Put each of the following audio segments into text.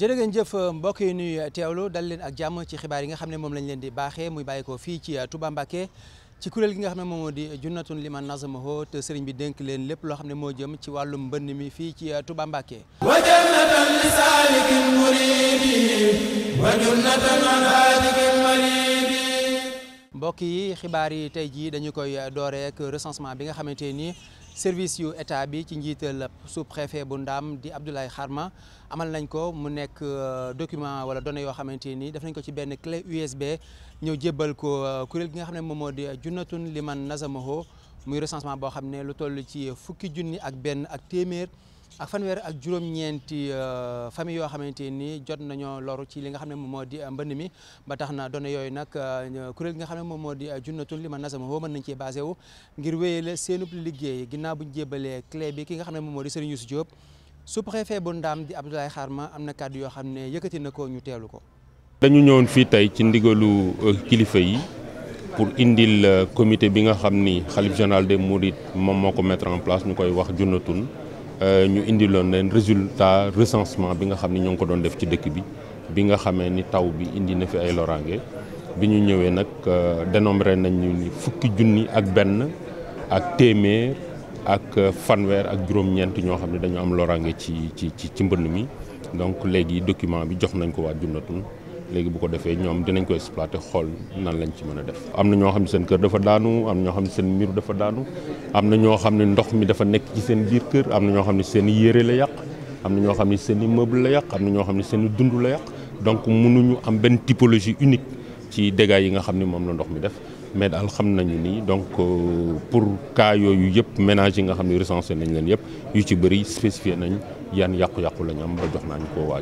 jërë ngeen jëf mbokk yi nuy teewlu dal leen ak jàmm ci xibaar yi nga xam ne moom lañ leen di baaxee muy bàyyi ko fii ci uh, Touba Mbacké ci kuréel gi nga xam ne moom moo di junnatun liman nazamaho te sëriñ bi dénk leen lépp loo xam ne moo jëm ci wàllum mbënn mi fii ci uh, Touba Mbacké wa jannatan li saalikin muridi wa junnatan an haadikin maridi mbokk yi xibaar yi tey jii dañu koy dooreek ak recensement bi nga xamante ni service yu état bi ci njiital sous-préfet bu Ndam di Abdoulaye Kharma amal nañ ko mu nekk euh, document wala données yoo xamante ni def nañ ko ci benn clé USB ñëw jébbal ko euh, kuréel gi nga xam ne moom moo di Junnatun Liman Nazamaho muy recensement boo xam ne lu toll ci fukki junni ak benn ak téeméer. ak fanweer ak juróom-ñeenti euh, famille yoo xamante nii jot nañoo loru ci li nga xam ne moom moo di euh, mbënd mi ba tax na données yooyu nag euh, kuréel gi nga xam ne moom moo di junnatul li man nasama woo mën nañ cee basé wu ngir wéyale seenub liggéey ginnaaw buñ jébalee clé bi ki nga xam ne moom moo di Serigne Youssou Diop sous-préfet bu Ndaam di Abdoulaye ma am na kàddu yoo xam ne yëkkati na ko ñu teelu ko dañu ñëwoon fii tey ci ndigalu kilifa yi pour indil comité bi nga xam ni xalif général des mourides moom moo ko mettre en place koy wax junnatun Euh, ñu indiloon leen résultat recensement bi nga xam ni ñoo ngi ko doon def ci dëkk bi bi nga xamee ni taw bi indi na fi ay loraange bi ñu ñëwee nag euh, dénombré nañu ni fukki junni ak benn ak téeméer ak euh, fanweer ak juróom-ñeent ñoo xam ne dañu am loraange ci ci ci mbënn mi donc léegi document bi jox nañ ko waa Junatun léegi bu ko defee ñoom dinañ ko exploité xool nan lañ ci mën a def am na ñoo xam ne seen kër dafa daanu am na ñoo xam ne seen miiru dafa daanu am na ñoo xam ne ndox mi dafa nekk ci seen biir kër am na ñoo xam ne seen i yére la yàq am na ñoo xam ne seen i meuble la yàq am na ñoo xam ne seen i dund la yàq donc mënuñu am benn typologie unique ci dégâts yi nga xam ne moom la ndox mi def mais daal xam nañu nii donc euh, pour cas yooyu yëpp ménages yi nga xam ne recensé nañ leen yëpp yu ci bëri spécifié nañ yan yàqu-yàqu la ñu am ba jox naa ñu koo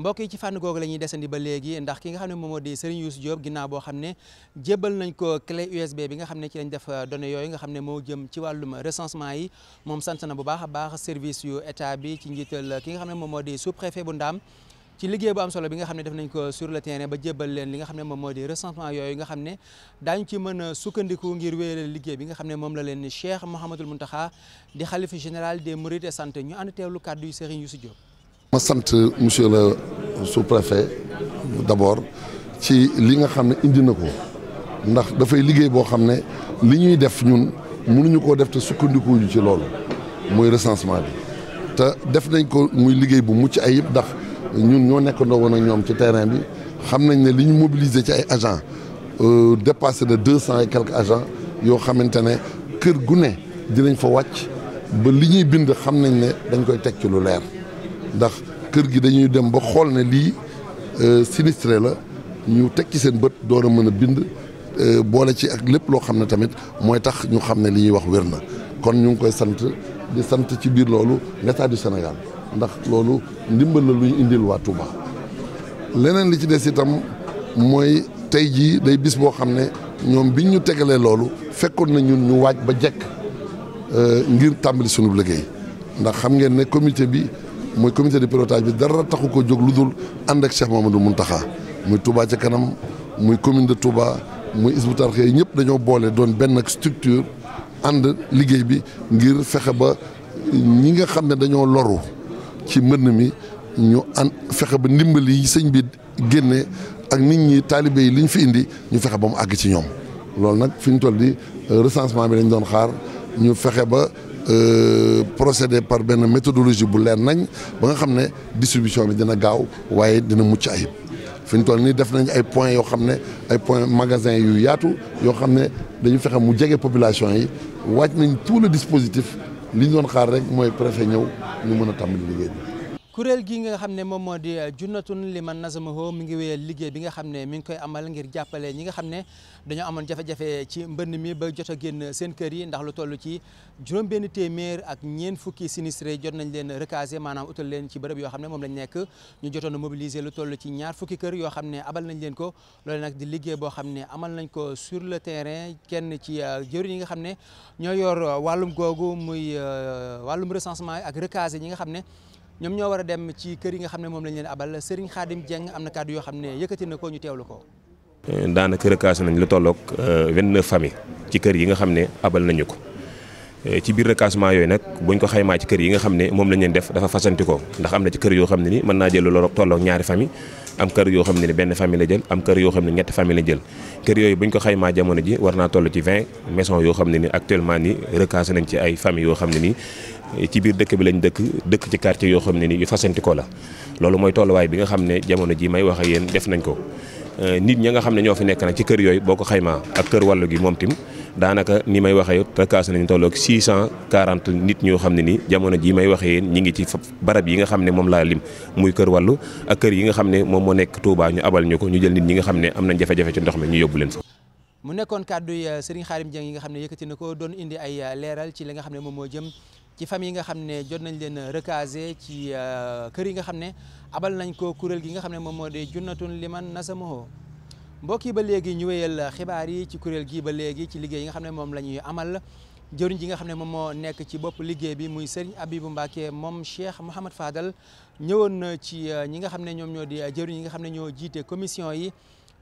mbokk yi ci fànn googu la ñuy desandi ba léegi ndax ki nga xam ne moom moo di Serigne Youssou Diop ginnaaw boo xam ne jébbal nañ ko clé USB bi nga xam ne ci lañ def euh, données yooyu nga xam ne moo jëm ci wàllum recensement yi moom sant na bu baax a baax service yu état bi ci njiital euh, ki nga xam ne moom moo di sous préfet bu Ndaam ci liggéey bu am solo bi nga xam ne def nañ ko sur le terrain ba jébbal leen li nga xam ne moom moo di recensement yooyu nga xam ne daañu ci mën a sukkandiku ngir wéyal liggéey bi nga xam ne moom la leen Cheikh Mouhamadul Mountakha di xalifa général des Mourides sant ñu ànd teewlu kàddu yu Serigne Youssou Diop ma sant monsieur le sous-préfet d'abord ci li nga xam ne indi na ko ndax dafay liggéey boo xam ne li ñuy def ñun mënuñu koo def te sukkandikuñu ci loolu muy recensement bi te def nañ ko muy liggéey bu mucc ay ayib ndax ñun ñoo nekkandoo woon ak ñoom ci terrain bi xam nañ ne li ñu mobiliser ci ay agents euh, dépassé de deux cent et quelques agents yoo xamante ne kër gu ne dinañ fa wàcc ba li ñuy bind xam nañ ne dañ koy teg ci lu leer ndax kër gi dañuy dem ba xool ne lii euh, sinistré la ñu teg ci seen bët doo a mën a bind euh, boole ci ak lépp loo xam ne tamit mooy tax ñu xam ne li ñuy wax wér na kon ñu ngi koy sant di sant ci biir loolu l'état du Sénégal ndax loolu ndimbal la lu ñu indil waa Touba leneen li ci des itam mooy tey jii day bis boo xam ne ñoom biñ ñu tegalee loolu fekkoon na ñun ñu waaj ba jekk euh, ngir tàmbali sunub liggéey ndax xam ngeen ne comité bi mooy comité de pilotage bi dara taxu ko jóg lu dul ànd ak Cheikh Mamadou Mountakha muy Touba ca kanam muy commune de Touba muy Hizbut Tarqiyyah yi ñëpp dañoo boole doon benn ak structure ànd liggéey bi ngir fexe ba ñi nga xam ne dañoo loru ci mbënn mi ñu an fexe ba ndimbal yi sëñ bi génne ak nit ñi taalibe yi li ñu fi indi ñu fexe ba mu àgg ci ñoom loolu nag fi ñu toll di recensement bi lañ doon xaar ñu fexe ba. Euh, procédé par benn méthodologie bu leer nañ ba nga xam ne distribution bi dina gaaw waaye dina mucc ayib fi ñu toll nii def nañ ay points yoo xam ne ay points magasin yu yaatu yoo xam ne dañu fexe mu jege population yi waaj nañ tout le dispositif li doon xaar rek mooy préfet ñëw ñu mën a tàmbali liggéey bi kuréel gi nga xam ne moom moo di eh, junnatun liman nazamaho mi ngi wéyal liggéey bi nga xam ne mi ngi koy amal ngir jàppale ñi nga xam ne dañoo amoon jafe-jafe ci mbënn mi ba jot a génn seen kër yi ndax lu toll ci juróom benn téeméer ak ñeen fukki sinistré jot nañ leen recaser maanaam utal leen ci bërëb yoo xam ne moom lañ nekk ñu jotoon a mobiliser lu toll ci ñaar fukki kër yoo xam ne abal nañ leen ko loolu nag di liggéey boo xam ne amal nañ ko sur le terrain kenn ci eh, jëriñ yi nga xam ne ñoo yor eh, wàllum googu muy wàllum recensement ak recaser ñi nga xam ne ñoom ñoo war a dem ci kër yi nga xam ne moom lañ leen abal Serigne Khadim Dieng am na kàddu yoo xam ne yëkkati na ko ñu teewlu ko. daanaka recasé nañ lu tolloog 29 euh, familles ci kër yi nga xam ne abal nañu ko euh, ci biir recasement yooyu nag buñ ko xaymaa ci kër yi nga ne moom lañ leen def dafa fasanti ko ndax am na ci kër yoo xam ne ni mën naa jël lu tolloog ñaari famille am kër yoo xam ne ni benn famille la jël am kër yoo xam ne ñetti famille la jël kër yooyu buñ ko xaymaa jamono ji war naa toll ci 20 maisons yoo xam ne ni actuellement ni recasé nañ ci ay familles yoo xam ne nii Eh, ci biir dëkk bi lañ dëkk dëkk ci quartier yoo xam ne ni yu fasantikoo la loolu mooy tolluwaay bi nga xam ne jamono ji may wax ak def nañ ko eh, nit ñi nga xam ne ñoo fi nekk nag ci kër yooyu boo ko xaymaa ak kër wàllu gi moom tim daanaka ni may waxee ñoo xam ne ni jamono ji may waxee yéen ngi ci barab yi nga xam ne moom laa lim muy kër wàllu ak kër yi nga xam ne moom moo nekk Touba ñu abal ñu ko ñu jël nit ñi nga xam ne am nañ jafe-jafe ci ndox mi ñu yóbbu leen fa mu nekkoon kàddu eh, Serigne Khadim Dieng yi nga xam ne yëkkati na ko doon indi ay leeral ci li nga xam ne moom moo jëm ci famille yi nga xam ne jot nañ leen recaser ci euh, kër yi nga xam ne abal nañ ko kuréel gi nga xam ne moom moo di junnatun liman nasamoho mbokk yi ba léegi ñu wéyal xibaar yi ci kuréel gi ba léegi ci liggéey yi nga xam ne moom la ñuy amal jëriñ ji nga xam ne moom moo nekk ci bopp liggéey bi muy Serigne abibu Mbacke moom Cheikh Mouhamad Fadal ñëwoon na ci euh, ñi nga xam ne ñoom ñoo di jëriñ yi nga xam ne ñoo jiite commission yi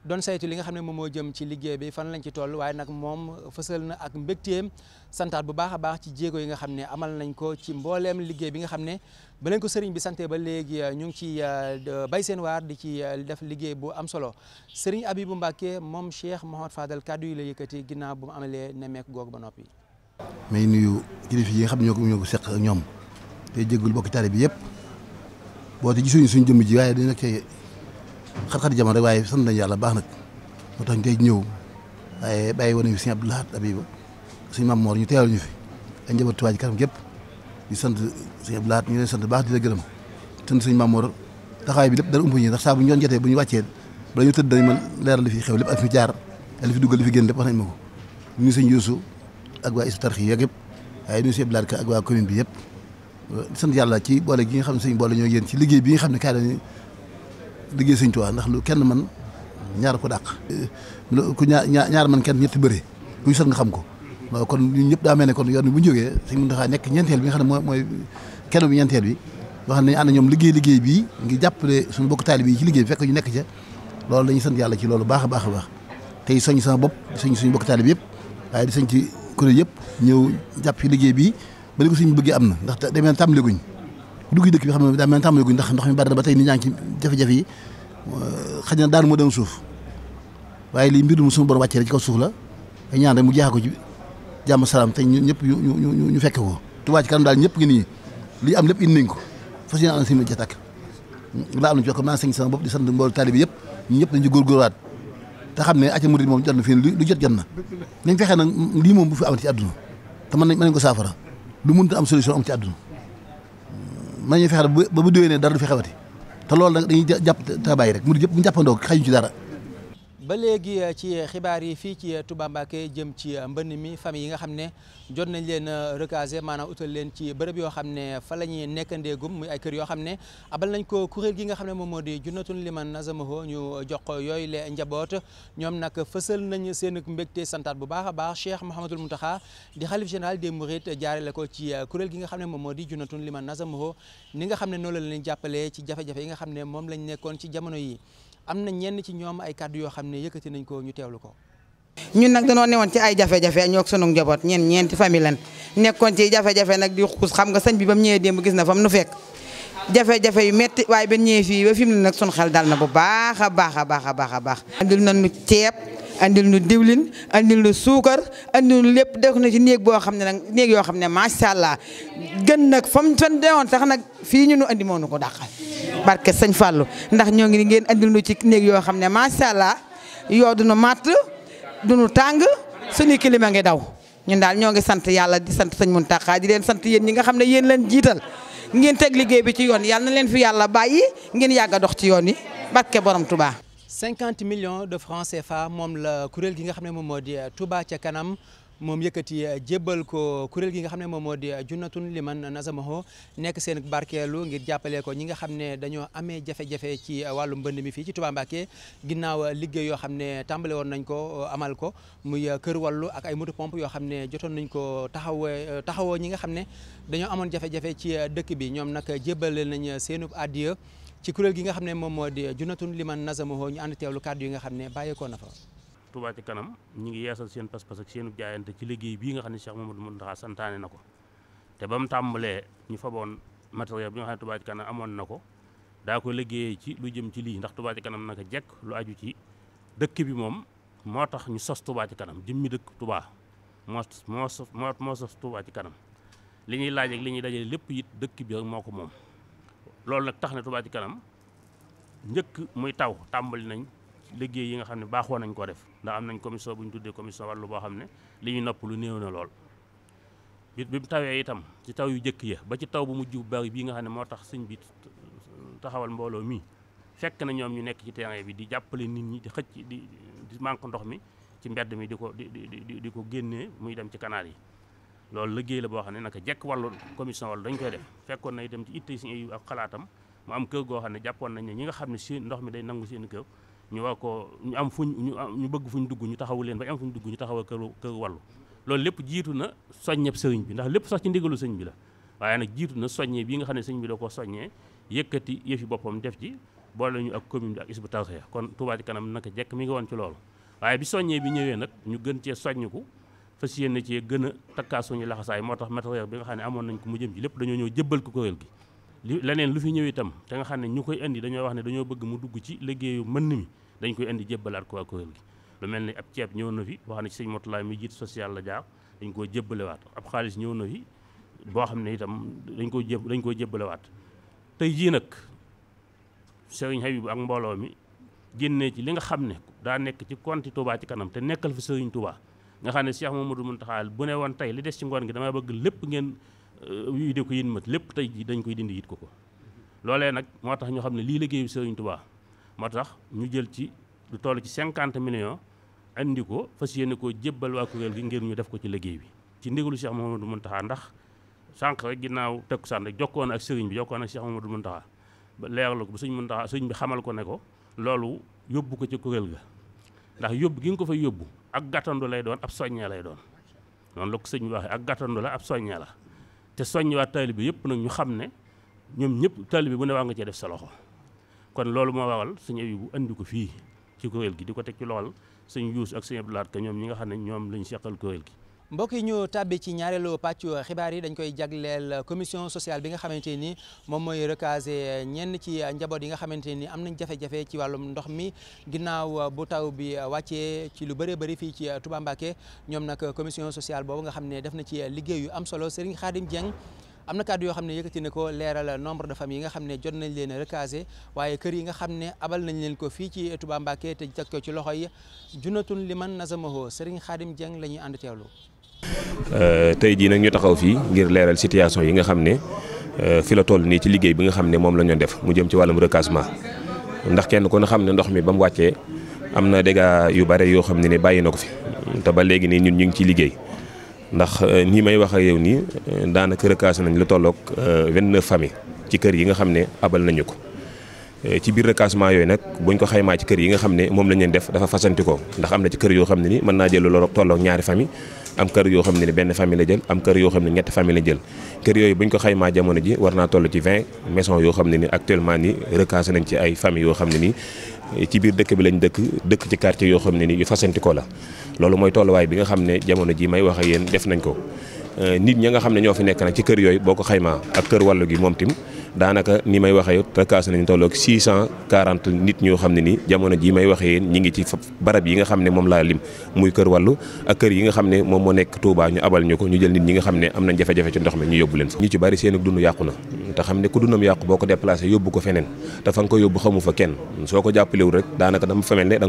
doon saytu li nga xam ne moom moo jëm ci liggéey bi fan lañ ci toll waaye nag moom fësal na ak mbégteem santaat bu baax a baax ci jéego yi nga xam ne amal nañ ko ci mbooleem liggéey bi nga xam ne ba leen ko sëriñ bi sante ba léegi euh, ñu ngi ci euh, bay seen waar di ci euh, def liggéey bu am solo sëriñ Abibu Mbàkke moom Cheikh Mouhamad Fadal kaddu yi la yëkkati ginnaaw bu mu amalee nemeek googu ba noppi. may nuyu kilifa yi nga xam ne ñoo ko ñoom tey jéggul bokki tari bi yëpp boo te gisuñu suñu jëmm ji waaye xat-xat jamono rek waaye sant nañu baax nag moo tax ñu tey ñëw waaye bàyyi woon nañu sëñ Abdou Lahad Abiba suñu maam Moor ñu teewal ñu fi ak njaboot Touba Ca sant sëñ Abdou ñu ngi lay sant baax di la gërëm sant suñu maam Moor taxawaay bi lépp dara umpu ñu ndax saa bu ñu doon jotee bu ñu wàccee bala ñu tëdd dañ mën leeral fi xew lépp ak fi jaar ak li li fi génn lépp wax nañ ñu ngi sëñ ak waa Hizbut Tarqiyyah yëpp waaye ñu sëñ Ka ak waa commune bi yëpp sant yàlla ci boole gi nga xam ne suñu boole ñoo yéen ci liggéey bi nga xam ne liggéey sëñ Tuubaa ndax lu kenn man ñaar ko dàq ku ñaar ñaar man kenn ñetti bëri kuy sot nga xam ko waaw kon ñun ñëpp daa mel ne kon yoon bu ñu jógee sëñ Muntaxaa nekk ñeenteel bi nga xam ne mooy kenn bi ñeenteel bi yoo xam ne ànd ñoom liggéey liggéey bii ngi jàppale suñu bokk taalib ci liggéey bi ñu nekk ca loolu dañuy sant yàlla ci loolu baax a baax a baax tey soñ sama bopp soñ suñu bokk taalib yëpp waaye di soñ ci kuréel yëpp ñëw jàpp liggéey bi ba li ko suñu bëggee am na ndax demee tàmbaliguñ dugg dëkk bi xam ne daa mel tàmbali guñ ndax ndox mi ba tey nit ñaa ngi ci jafe-jafe yi euh, xëy moo doon suuf waaye lii mbir mu suñu borom wàccee rek ci kaw suuf la ay ñaan rek mu jeexal ko ci jàmm salaam tey ñu ñëpp ñu ñu ñu fekke ko Touba ci daal ñëpp ngi nii lii am lépp indi nañ ko fas yéene ànd si ma jataak laa am na ci wax maa ngi bopp di sant mboolu taalibe yëpp ñëpp dañ ci góorgóorwaat te xam ne acca murid moom jot na lu jot jot na nañ fexee nag lii moom bu fi amati ci àdduna te mën nañ ko saafara lu mënta am solution am ci àdduna nañu fexe ba bu déwénee dara du fi xewati te loolu nag dañuy jàpp te bàyyi rek murid yëpp bu xëy ñu dara ba léegi eh, ci xibaar yi fii ci Touba jëm ci eh, mbënn mi famille yi nga xam ne jot nañ leen eh, recaser maanaam utal leen ci bërëb yoo xam ne fa la ñuy nekkandeegum muy ay kër yoo xam ne abal nañ ko kuréel gi nga xam ne moom moo di junnatun liman nazamaho ñu jox ko yooyu le njaboot ñoom nag fësal nañ seen mbégte santaat bu baax a baax Cheikh Mouhamadul Mountakha di xalif général des jaarale ko ci kuréel gi nga xam ne moom moo di junnatun liman nazamaho ni nga xam ne noonu la jàppalee ci jafe-jafe yi nga xam ne moom lañ nekkoon ci jamono yi am na ñenn ci ñoom ay kàddu yoo xam ne yëkkati nañ ko ñu teewlu ko. ñun nag ne newoon ci ay jafe-jafe ñoo ak sunu njaboot ñeen ñeenti famille lan nekkoon ci jafe-jafe nag di xuus xam nga sañ bi bam mu ñëwee démb gis na fam nu fekk jafe-jafe yu métti waaye ba ñëwee fii ba fi mu ne nag sunu xel daal na bu baax a baax a baax a baax a baax andil nañu ceeb andil nu diwlin andil nu suukar andil nu lépp def na ci néeg boo xam ne nag néeg yoo xam ne macha allah gën nag fam fan dewoon sax nag fii ñu nu andi moo nu ko dàqal barke sëñ Fallou ndax ñoo ngi ni ngeen andil nu ci néeg yoo xam ne macha allah yoo du nu màtt du nu tàng suñu climat ngi daw. ñun daal ñoo ngi sant yàlla di sant sëñ Mountakha di leen sant yéen ñi nga xam ne yéen leen jiital ngeen teg liggéey bi ci yoon yàlla na leen fi yàlla bàyyi ngeen yàgg a dox ci yoon yi barke borom Touba. 50 millions de francs CFA moom la kuréel gi nga xam ne moom moo di Touba ca kanam. moom yëkkati eh, jébbal ko kuréel gi nga xam ne moom moo di eh, junnatun liman nazamaho nekk seen barkeelu ngir jàppale ko ñi nga xam ne dañoo amee jafe-jafe ci eh, wàllu mbënd mi fii ci Touba ginnaaw liggéey yoo xam ne tàmbale woon nañ ko amal ko muy kër wàllu ak ay moto yoo xam ne jotoon nañ ko taxaw taxawoo ñi nga xam ne dañoo amoon jafe ci dëkk bi ñoom nag jébbale nañ seenu addiya ci kuréel gi nga xam ne moom moo di junnatun liman nazamaho ñu ànd teewlu kàddu yi nga xam ne bàyyeekoo na fa Touba ci kanam ñu ngi yeesal seen pas-pas ak seenu jaayante ci liggéey bii nga xam ne Cheikh Mamadou Mountakha santaane na ko te ba mu tàmbalee ñu faboon matériel bi nga xam ne Touba ci kanam amoon na ko daa ko liggéeyee ci lu jëm ci lii ndax Touba ci kanam naka jekk lu aju ci dëkk bi moom moo tax ñu sos Touba ci kanam jëmmi dëkk Touba moo moo sos moo sos Touba ci kanam li ñuy laaj ak li ñuy dajale lépp it dëkk bi moo ko moom loolu nag tax na Touba kanam njëkk muy taw tàmbali liggéey yi nga xam ne baaxoo nañ ko def ndax am nañ commission bu ñu tuddee commission wàllu boo xam ne li ñu nopp lu néew na lool bi bi mu tawee itam ci taw yu jëkk ya ba ci taw bu mujj bu bari bii nga xam ne moo tax sëñ bi taxawal mbooloo mi fekk na ñoom ñu nekk ci terrain bi di jàppale nit ñi xëcc di di manque ndox mi ci mbedd mi di ko di di di ko génnee muy dem ci kanaal yi loolu liggéey la boo xam ne naka jekk wàllu commission wàllu dañ koy def fekkoon na itam ci itte si ak xalaatam mu am kër goo xam ne jàppoon nañ ne ñi nga xam ne seen ndox mi day nangu seen kër ñu war ko ñu am fuñ ñu ñu bëgg fuñ dugg ñu taxawu leen ba am ñu dugg ñu taxaw kër kër wàllu loolu lépp jiitu na soññeb sëriñ bi ndax lépp sax ci ndigalu sëñ bi la waaye nag jiitu na soññe bi nga xam ne sëñ bi da ko soññee yëkkati yëfi boppam def ci boole ñu ak commune bi ak isbu tawseya kon Touba ci kanam naka jekk mi ngi woon ci loolu waaye bi soññee bi ñëwee nag ñu gën cee soññiku fas yéene cee gën a takkaa suñu laxasaay moo tax matériel bi nga ne amoon nañ ko mu jëm lépp dañoo ñëw jëbbal ko kuréel gi li leneen lu fi ñëw itam te nga xam ne ñu koy indi dañoo wax ne dañoo bëgg mu dugg ci liggéeyu mbënn mi dañ koy indi jébbalaat ko waa gi lu mel ni ab ceeb ñëw na fi wax na ci sëñ Motulaay mi jiit social la jaar dañ koo jébbalewaat ab xaalis ñëw na boo xam ne itam dañ koo jé dañ koo jébbalewaat tey jii nag sëriñ Habib ak mbooloo mi génnee ci li nga xam ne daa nekk ci konti Touba ci kanam te nekkal fi sëriñ Touba nga xam ne Cheikh Mamadou taxaal bu ne woon tey li des ci ngoon gi dama bëgg lépp ngeen Euh, yu de ko yéen mat lépp tey ji dañ koy dindi yit ko ko loolee nag moo tax ñu xam ne lii liggéeyu Sëriñ Tuubaa moo tax ñu jël ci lu toll ci cinquante millions indi ko fas yéene ko jébbal waa kuréel gi ngir ñu def ko ci liggéey bi ci ndigalu du Mouhamadou Mountakha ndax sànq rek ginnaaw takkusaan rek jokkoon ak sëriñ bi jokkoon ak Cheikh Mouhamadou Mountakha ba leerlu ko ba sëriñ Mountakha sëriñ bi xamal ko ne ko loolu yóbbu ko ci kuréel ga ndax yóbbu gi nga ko fay yóbbu ak gàttandu lay doon ab soññee lay doon noonu la ko sëriñ ak gàttandu la ab soññee la te soññiwaat taalibe yëpp nag ñu xam ne ñoom ñëpp taalibe bu ne waa nga cee def sa loxo kon loolu moo waral suñu bu indi ko fii ci kuréel gi di ko teg ci loxol suñu Yuusu ak suñu laat ka ñoom ñi nga xam ne ñoom lañ seqal kuréel gi mbokk yi ñu tàbbi ci ñaareelu pàccu xibaar yi dañ koy jagleel commission sociale bi nga xamante ni moom mooy recaser ñenn ci njaboot yi nga xamante ni am nañ jafe-jafe ci wàllum ndox mi ginnaaw bu taw bi wàccee ci lu bare bëri fii ci Touba Mbacké ñoom nag commission sociale boobu nga xam ne def na ci liggéey yu am solo Serigne Khadim Dieng am na kàddu yoo xam ne yëkkati na ko leeral nombre de familles yi nga xam ne jot nañ leen recaser waaye kër yi nga xam ne abal nañ leen ko fii ci Touba Mbacké te teg ko ci loxo yi junatun liman nazamaho Serigne Khadim Dieng la ñuy ànd teewlu Euh, tey jii nag ñu taxaw fii ngir leeral situation yi nga xam ne euh, fi la toll nii ci liggéey bi nga xam ne moom la ñu def mu jëm ci wàllum recasement ndax kenn ku ne xam ne ndox mi ba mu wàccee am na dégâts yu bare yoo xam ne ni bàyyi na ko fi te ba léegi nii ñun ñu ngi ciy liggéey ndax euh, nii may wax ak yow nii daanaka recasé nañ lu tolloog 29 familles ci kër yi nga xam ne abal nañu ko. ci biir recasement yooyu nag buñ ko xaymaa ci kër yi nga xam n moom lañ leen def dafa fasanti ko am na ci kër yoo xam ne ni mën naa jël lu ñaari famille am kër yoo xam ne benn famille la jël am kër yoo xam ne ñetti famille la jël kër yooyu bu ñu ko xaymaa jamono ji war naa toll ci vingt maisons yoo xam ne ni actuellement ni recasé nañ ci ay famille yoo xam ne nii ci biir dëkk bi lañ dëkk dëkk ci quartier yoo xam ne ni yu fasanti la loolu mooy tolluwaay bi nga xam ne jamono ji may wax ak yéen def nañ ko euh, nit ñi nga xam ne ñoo fi nekk nag ci kër yooyu boo ko xaymaa ak kër wàllu gi moom tim daanaka ni may waxee rekaas nañu tolloog 640 nit ñoo xam ne ni jamono ji may waxee yéen ñi ngi ci barab yi nga xam ne moom laa lim muy kër wàllu ak kër yi nga xam ne moom moo nekk Touba ñu abal ñu ko ñu jël nit ñi nga xam ne am nañ jafe-jafe ci ndox mi ñu yóbbu leen fa ñu ci bari seen dund yàqu na te xam ne ku dundam yàqu boo ko déplacé yóbbu ko feneen te fa nga ko yóbbu xamu fa kenn soo ko jàppalewul rek daanaka dama fa mel ne da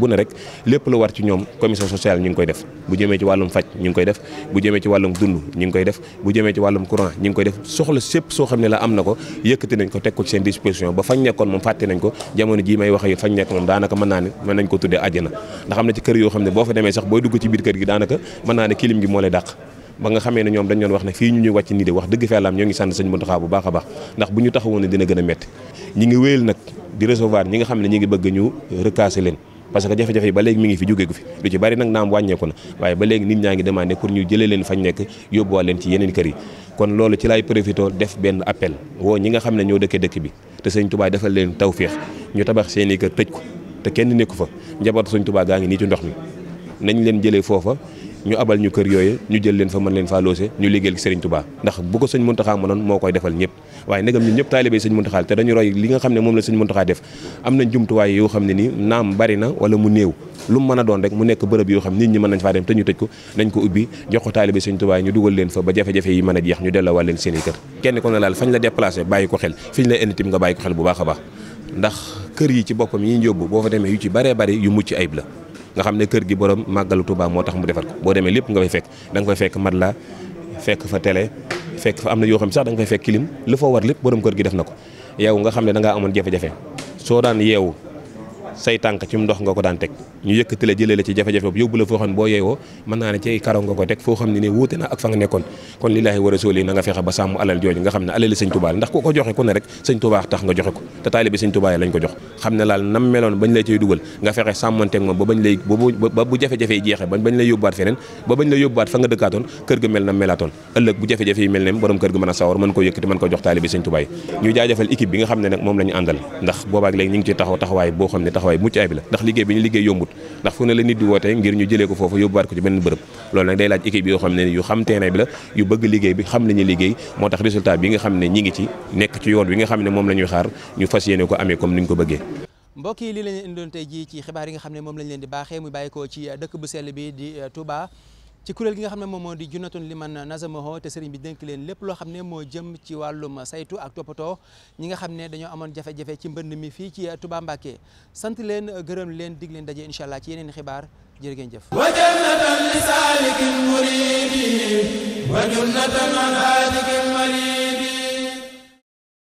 bu ne rek lépp lu war ci ñoom commission sociale ñu ngi koy def bu jëmee ci wàllum faj ñu ngi koy def bu jëmee ci wàllum ñu ngi koy def bu jëmee ci wàllum courant ñu ngi ne la am na ko yëkkati nañ ko teg ko ci seen disposition ba fañ nekkoon moom fàtte nañ ko jamono ji may wax yi fañ nekk moom daanaka mën naa ne mën nañ ko tuddee àjjana ndax am na ci kër yoo xam ne boo fa demee sax booy dugg ci biir kër gi daanaka mën naa ne kilim gi moo lay dàq ba nga xamee ne ñoom dañ doon wax ne fii ñu ñuy wàcc nii de wax dëgg fa yàllaam ñoo ngi sant sëñ Muntaxa bu baax a baax ndax bu ñu taxawoon ne dina gën a ñi ngi wéyal nag di recevoir nga xam ne ñi ngi bëgg ñu recaser leen parce que jafe-jafe yi ba léegi mi ngi fi jógee gu fi lu ci bari nag naam wàññeeku na waaye ba léegi nit ñaa ngi demandé pour ñu jëlee leen fañ nekk yóbbuwaat leen ci yeneen kër yi kon loolu ci laay profité def benn appel woo ñi nga xam ne ñoo dëkkee dëkk bi te sëñ defal leen tawféex ñu tabax seen i kër tëj ko te kenn nekku fa njabootu sëñ Tuubaa gaa ngi nii ci ndox mi nañ leen jëlee foofa ñu abal ñu kër yooyu ñu jël leen fa mën leen faa ñu liggéeyal Sëriñ tubaa ndax bu ko sëñ Muntaxaa mënoon moo koy defal ñëpp waaye ndegam ñun ñëpp taalibé sëñ Muntaxa te dañu roy li nga xam ne moom la sëñ Muntaxa def am nañ jumtuwaay yoo xam ne nii naam bari na wala mu néew lu mu mën a doon rek mu nekk bërëb yoo xam nit ñi mën nañ faa dem te ñu tëj ko nañ ko ubbi jox ko taalibé sëñ Tuubaa ñu dugal leen fa ba jafe-jafe yi mën a jeex ñu delloowaat leen seen kër kenn ko ne laal fañ la déplacé bàyyi ko xel fiñ la indi tim nga bàyyi ko xel bu baax a baax ndax kër yi ci boppam yi ñu yóbbu boo fa demee ci baree bari yu mucc ayib la nga xam ne kër gi borom màggalu Tuubaa moo tax mu defar ko demee lépp nga fekk da nga fekk mat la fekk fa télé fekk fa am na yoo xam sax da nga fekk kilim lu fa war lépp borom kër gi def na ko yow nga xam ne da amoon jafe-jafe soo daan yeewu say tànk ci ndox nga ko daan teg ñu yëkkati la jëlee la ci jafe-jafe boobu yóbbu la foo xam ne boo yeewoo mën naa ne ci karaw ko teg foo xam ne ne wuute na ak fa nga nekkoon kon lillaahi wa rasuuli na nga fexe ba sàmm alal jooju nga xam ne alali ko jox xam ne laal nam meloon bañ lay cay dugal nga fexe sàmmonteeg moom ba bañ lay ba bu jafe-jafe yi jeexee bañ lay yóbbuwaat feneen ba bañ lay yóbbuwaat fa nga dëkkaatoon kër ga mel na melaatoon ëllëg bu jafe-jafe yi mel ne borom kër ga mën a sawar mën ko yëkkati mën ko jox ne nag moom la ñu àndal ndax ndax fu ne la nit di woote ngir ñu jëlee ko foofu yóbbuwaat ko ci benn bërëb loolu nag day laaj équipe yoo xam ne yu xam terrain bi la yu bëgg liggéey bi xam ne ñi ngi ci nekk ci yoon bi nga xam ne moom la ñuy xaar ñu fas yéene ko amee comme ni ñu ko bëggee mbokk lii la ñu jii ci xibaar yi nga xam ne moom lañ leen di baaxee muy bàyyeekoo ci dëkk bu sell bi di euh, Touba ci kuréel gi nga xam ne moom moo di junnatun liman nazamaho te sëriñ bi dénk leen lépp loo xam ne moo jëm ci wàllum saytu ak toppatoo ñi nga xam ne dañoo amoon jafe-jafe ci mbënd mi fii ci Touba Mbacké sant leen gërëm leen dig leen daje incha allah ci yeneen xibaar jërë ngeen jëf wa jannatan li saalikin muridi wa junnatan an aatikin maridi